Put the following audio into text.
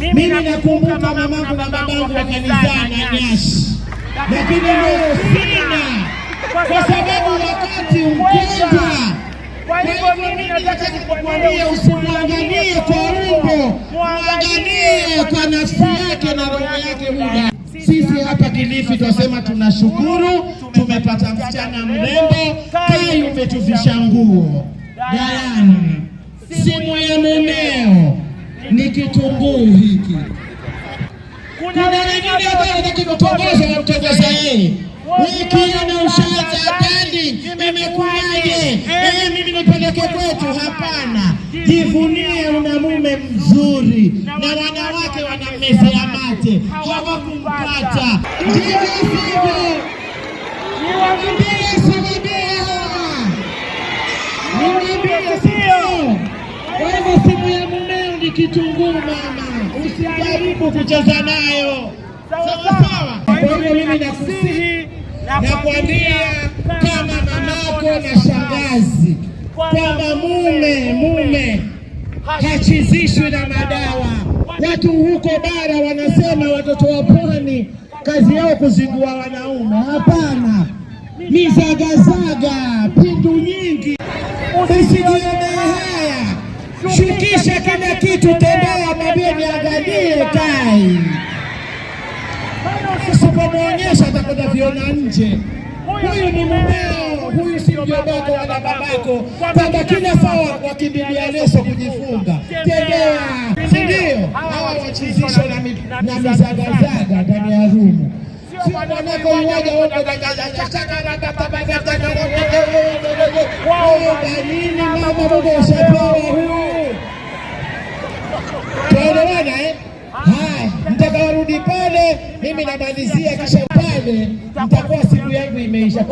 Mimi nakumbuka mamangu na babangu wakanizaa na nyasi, lakini leo sina, kwa sababu wakati ukwenda. Kwa hivyo mimi nataka nikwambie, usimwangalie kwa umbo, mwangalie kwa nafsi yake na roho yake muda sisi hapa Kilifi twasema tunashukuru, tumepata msichana mrembo. Kai umetuvisha nguo galani, simu ya mume ni kitunguu hiki. Kuna wengine ambayo nikipotongoza mtongoza yeye wiki ikiona ushaza tani imekuwaje? Eh, mimi nipeleke kwetu? Hapana, jivunie una mume mzuri na wanawake wana meza ya mate hawakumpata. Ndivyo sivyo, ndivyo sivyo. kitunguu mama, usijaribu kucheza nayo sawa sawa. Kwa hivyo mimi nakusihi na kuambia kama mamako na shangazi kwamba mume mume hachizishwi na madawa. Watu huko bara wanasema watoto wa pwani kazi yao kuzingua wanaume. Hapana, ni zagazaga, pindu nyingi, usijione kisha kila kitu, tembea mwambie niangalie tai. Usipomwonyesha atakwenda viona nje. Huyu ni mumeo, huyu si mjobako wala babako, kwamba kila saa wakimbilia leso kujifunga. Tembea, si ndio? Hawa wachizisho na mizagazaga ndani ya rumu mwanako mmoja wote mama Umeelewana eh? Haya, mtakaorudi pale mimi namalizia, kisha pale mtakuwa siku yangu imeisha.